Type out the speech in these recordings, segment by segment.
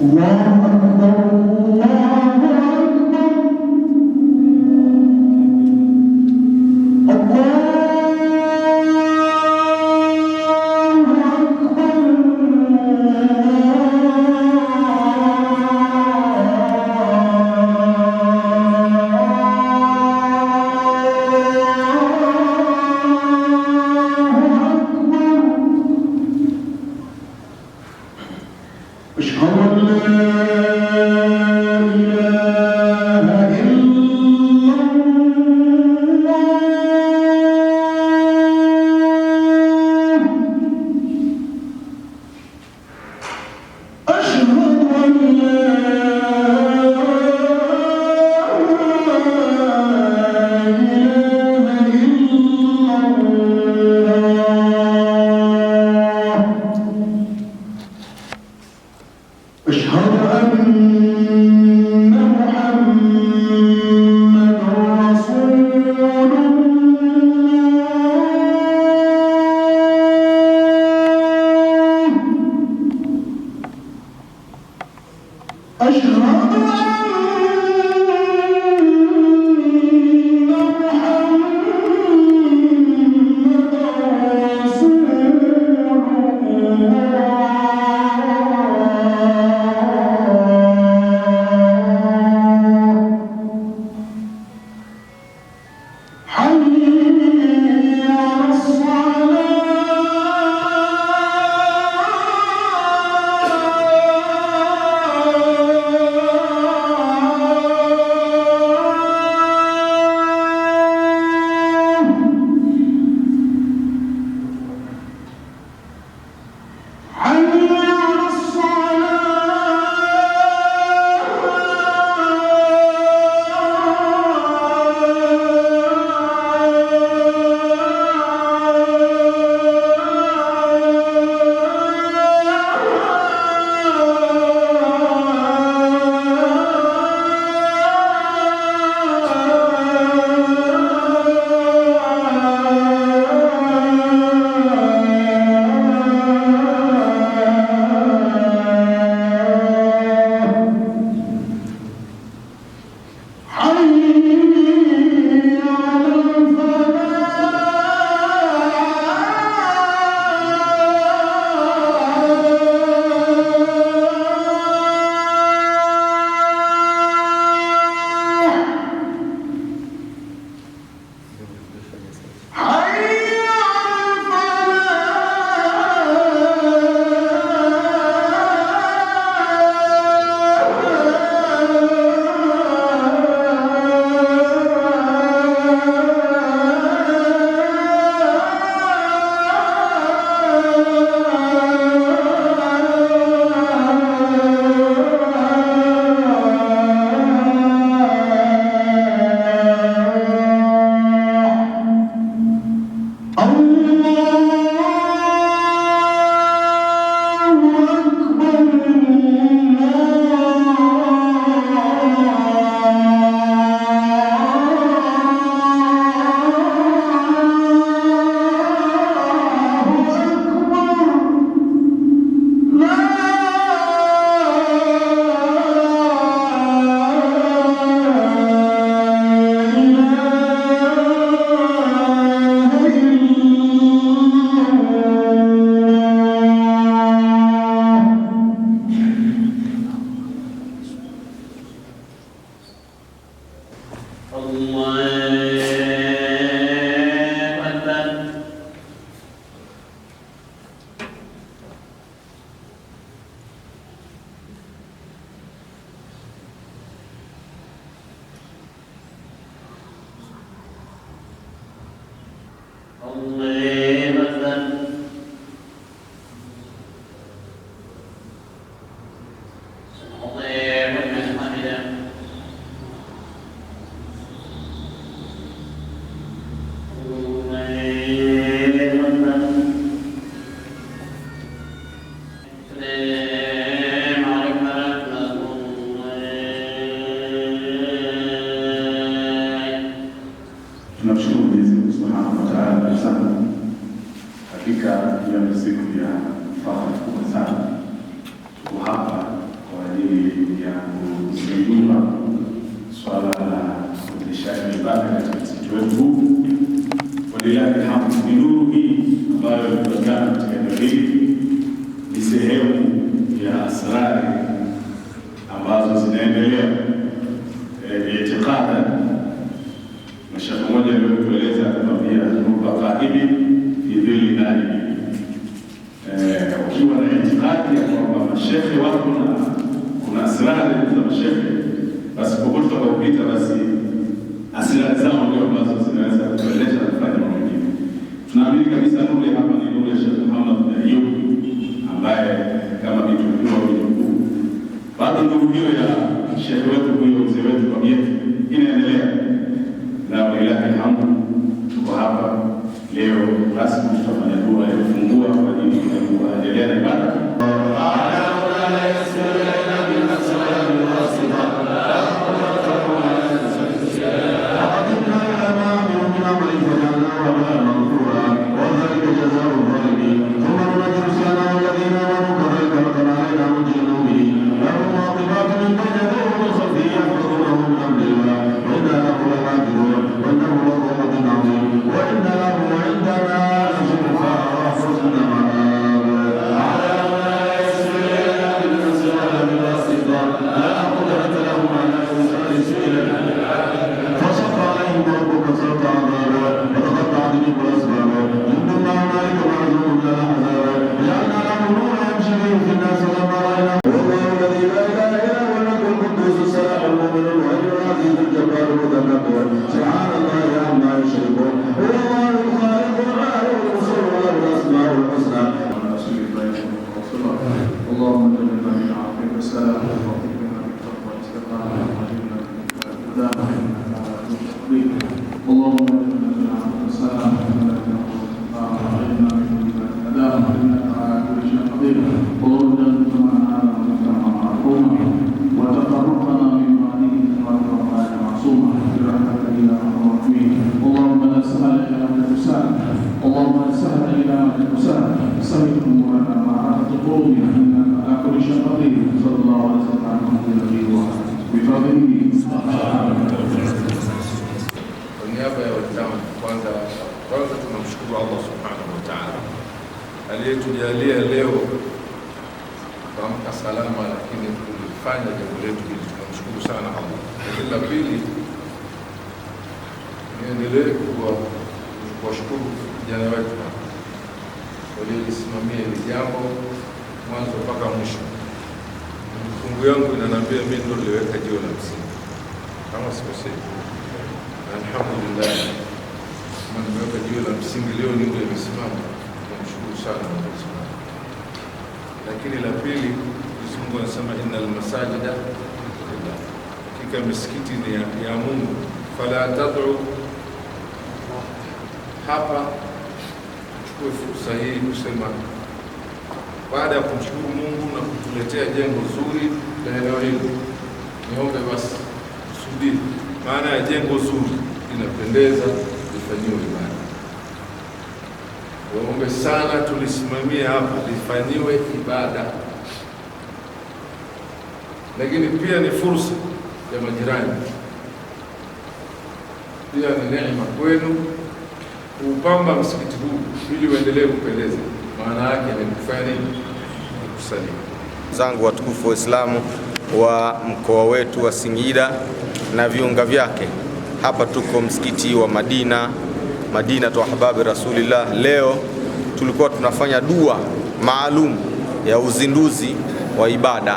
الله الله أشهد أن لا الله ya kusimamia swala la uendeshaji mipaka katika msitu wetu huu. Walilahi hamdu, ni nuru hii ambayo imepatikana katika eneo hili, ni sehemu ya asrari ambazo zinaendelea eh, itikada. Mashaka moja aliyotueleza akatuambia, ruba qaimin fi dhilli naimin, eh, ukiwa na itikadi ya kwamba mashehe wako na asilale za mashehe, basi popote utakapopita, basi asilale zao ndio ambazo zinaweza kuelesha na kufanya mambo mengine. Tunaamini kabisa nuru hapa ni nuru ya Sheikh Muhammad bin Ayub ambaye kama vitukuo vitukuu bado nuru hiyo ya shehe wetu huyo mzee wetu kwa yetu inaendelea na walilahi hamdu. Tuko hapa leo rasmi, tutafanya dua ya kufungua kwa dini ya kuendelea Thiago. aliyetujalia leo kuamka salama, lakini kulifanya jambo letu hili, tunamshukuru sana Allah. Lakini la pili, niendelee kuwashukuru vijana wetu waliolisimamia hili jambo mwanzo mpaka mwisho. Fungu yangu inanambia mimi ndo niliweka jiwe la msingi, kama sikosei. Alhamdulillah, nimeweka jiwe la msingi leo, ndio nimesimama tunashukuru sana Mwenyezi Mungu. Lakini la pili, Mwenyezi Mungu anasema innal masajida lillah, hakika misikiti ni ya Mungu, fala tad'u hapa tuchukue fursa hii kusema baada ya kumshukuru Mungu na kutuletea jengo zuri la eneo hili, niombe basi subiri, maana ya jengo zuri inapendeza lifanyiwe ibada. Waombe sana tulisimamia hapa lifanyiwe ibada, lakini pia ni fursa ya majirani, pia ni neema kwenu kuupamba msikiti huu ili uendelee kupendeza. Maana yake ni kufanya nini? Kukusanyika. Zangu watukufu Waislamu wa mkoa wetu wa Singida na viunga vyake, hapa tuko msikiti wa Madina tu Ahbabi Rasulillah. Leo tulikuwa tunafanya dua maalum ya uzinduzi wa ibada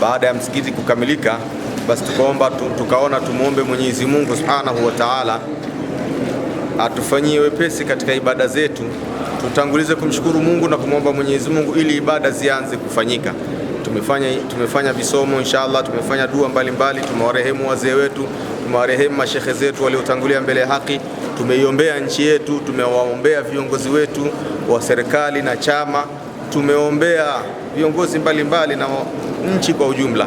baada ya msikiti kukamilika, basi tukaomba tukaona tumwombe Mwenyezi Mungu Subhanahu wa Ta'ala atufanyie wepesi katika ibada zetu, tutangulize kumshukuru Mungu na kumwomba Mwenyezi Mungu ili ibada zianze kufanyika. Tumefanya, tumefanya visomo inshallah, tumefanya dua mbalimbali, tumewarehemu wazee wetu, tumewarehemu mashehe zetu waliotangulia mbele ya haki. Tumeiombea nchi yetu, tumewaombea viongozi wetu wa serikali na chama, tumeombea viongozi mbalimbali mbali na nchi kwa ujumla.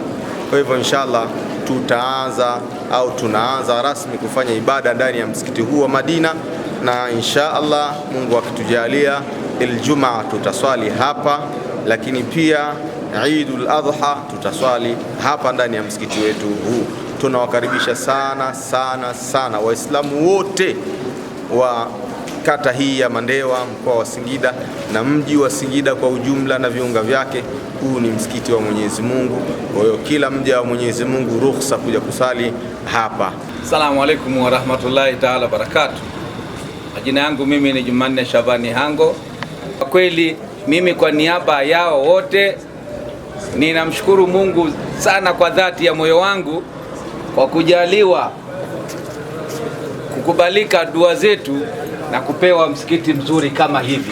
Kwa hivyo inshallah tutaanza au tunaanza rasmi kufanya ibada ndani ya msikiti huu wa Madina, na inshallah Mungu akitujalia, Ijumaa tutaswali hapa, lakini pia Eidul Adha tutaswali hapa ndani ya msikiti wetu huu. Tunawakaribisha sana sana sana Waislamu wote wa kata hii ya Mandewa mkoa wa Singida na mji wa Singida kwa ujumla na viunga vyake. Huu ni msikiti wa Mwenyezi Mungu, kwa hiyo kila mja wa Mwenyezi Mungu ruhusa kuja kusali hapa. Asalamu alaykum wa rahmatullahi taala barakatuh. Majina yangu mimi ni Jumanne Shabani Hango. Kwa kweli mimi kwa niaba yao wote ninamshukuru Mungu sana kwa dhati ya moyo wangu kwa kujaliwa kukubalika dua zetu na kupewa msikiti mzuri kama hivi,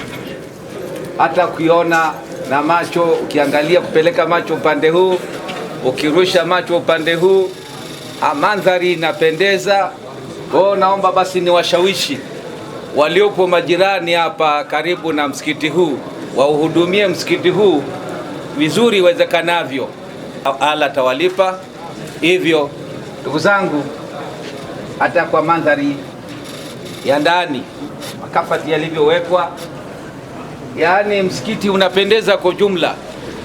hata kuiona na macho, ukiangalia kupeleka macho upande huu, ukirusha macho upande huu, ah, mandhari inapendeza. Kwa hiyo naomba basi niwashawishi waliopo majirani hapa karibu na msikiti huu wauhudumie msikiti huu vizuri iwezekanavyo. Ala tawalipa hivyo, ndugu zangu hata kwa mandhari ya ndani, makafati yalivyowekwa, yaani msikiti unapendeza kwa jumla.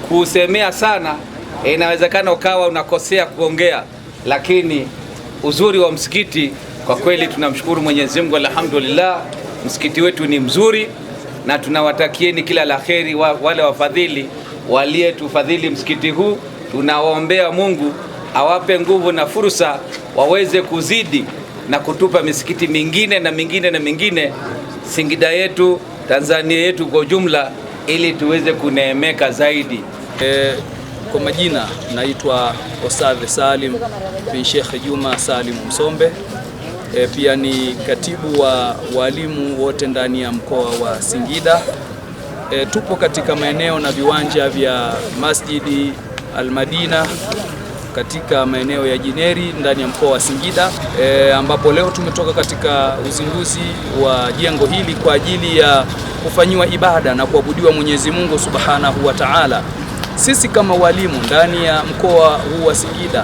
Kusemea sana eh, inawezekana ukawa unakosea kuongea, lakini uzuri wa msikiti kwa kweli tunamshukuru Mwenyezi Mungu, alhamdulillah, msikiti wetu ni mzuri na tunawatakieni kila la wa, wale wafadhili waliyetufadhili msikiti huu, tunawaombea Mungu awape nguvu na fursa waweze kuzidi na kutupa misikiti mingine na mingine na mingine Singida yetu, Tanzania yetu kwa ujumla, ili tuweze kuneemeka zaidi. E, kwa majina naitwa Osave Salim bin Sheikh Juma Salim Msombe. E, pia ni katibu wa walimu wote ndani ya mkoa wa Singida. E, tupo katika maeneo na viwanja vya Masjidi Al-Madina katika maeneo ya Jineri ndani ya mkoa wa Singida e, ambapo leo tumetoka katika uzinduzi wa jengo hili kwa ajili ya kufanyiwa ibada na kuabudiwa Mwenyezi Mungu Subhanahu wa Ta'ala. Sisi kama walimu ndani ya mkoa huu wa Singida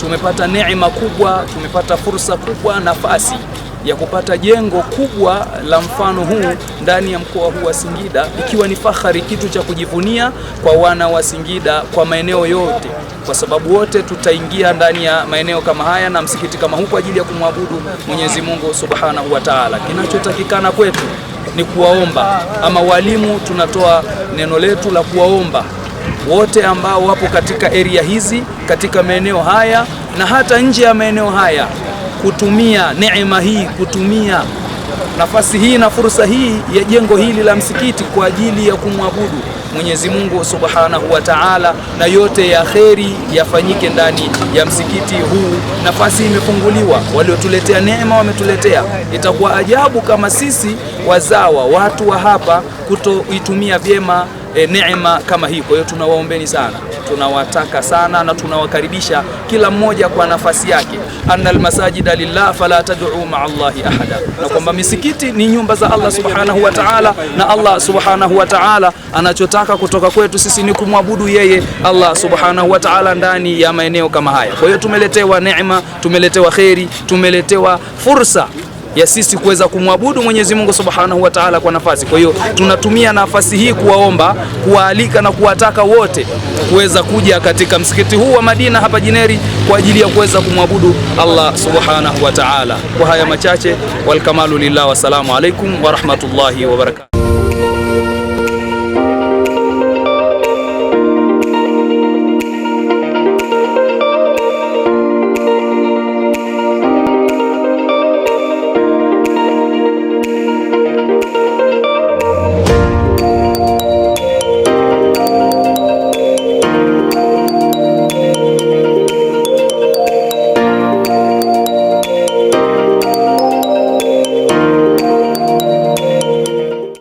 tumepata neema kubwa, tumepata fursa kubwa, nafasi ya kupata jengo kubwa la mfano huu ndani ya mkoa huu wa Singida, ikiwa ni fahari, kitu cha kujivunia kwa wana wa Singida, kwa maeneo yote, kwa sababu wote tutaingia ndani ya maeneo kama haya na msikiti kama huu kwa ajili ya kumwabudu Mwenyezi Mungu Subhanahu wa Ta'ala. Kinachotakikana kwetu ni kuwaomba, ama walimu tunatoa neno letu la kuwaomba wote ambao wapo katika eria hizi, katika maeneo haya na hata nje ya maeneo haya kutumia neema hii, kutumia nafasi hii na fursa hii ya jengo hili la msikiti kwa ajili ya kumwabudu Mwenyezi Mungu Subhanahu wa Ta'ala, na yote ya kheri yafanyike ndani ya msikiti huu. Nafasi imefunguliwa, waliotuletea neema wametuletea. Itakuwa ajabu kama sisi wazawa, watu wa hapa, kutoitumia vyema e, neema kama hii. Kwa hiyo tunawaombeni sana, tunawataka sana na tunawakaribisha kila mmoja kwa nafasi yake, anna almasajida lillah fala tad'u ma'a Allahi ahada, na kwamba misikiti ni nyumba za Allah subhanahu wa ta'ala, na Allah subhanahu wa ta'ala anachotaka kutoka kwetu sisi ni kumwabudu yeye Allah subhanahu wa ta'ala ndani ya maeneo kama haya. Kwa hiyo tumeletewa neema, tumeletewa kheri, tumeletewa fursa ya sisi kuweza kumwabudu Mwenyezi Mungu Subhanahu wa Ta'ala kwa nafasi. Kwa hiyo tunatumia nafasi hii kuwaomba, kuwaalika na kuwataka wote kuweza kuja katika msikiti huu wa Madina hapa Jineri kwa ajili ya kuweza kumwabudu Allah Subhanahu wa Ta'ala. Kwa haya machache, walkamalu lillah, wassalamu alaikum wa rahmatullahi wa barakatuh.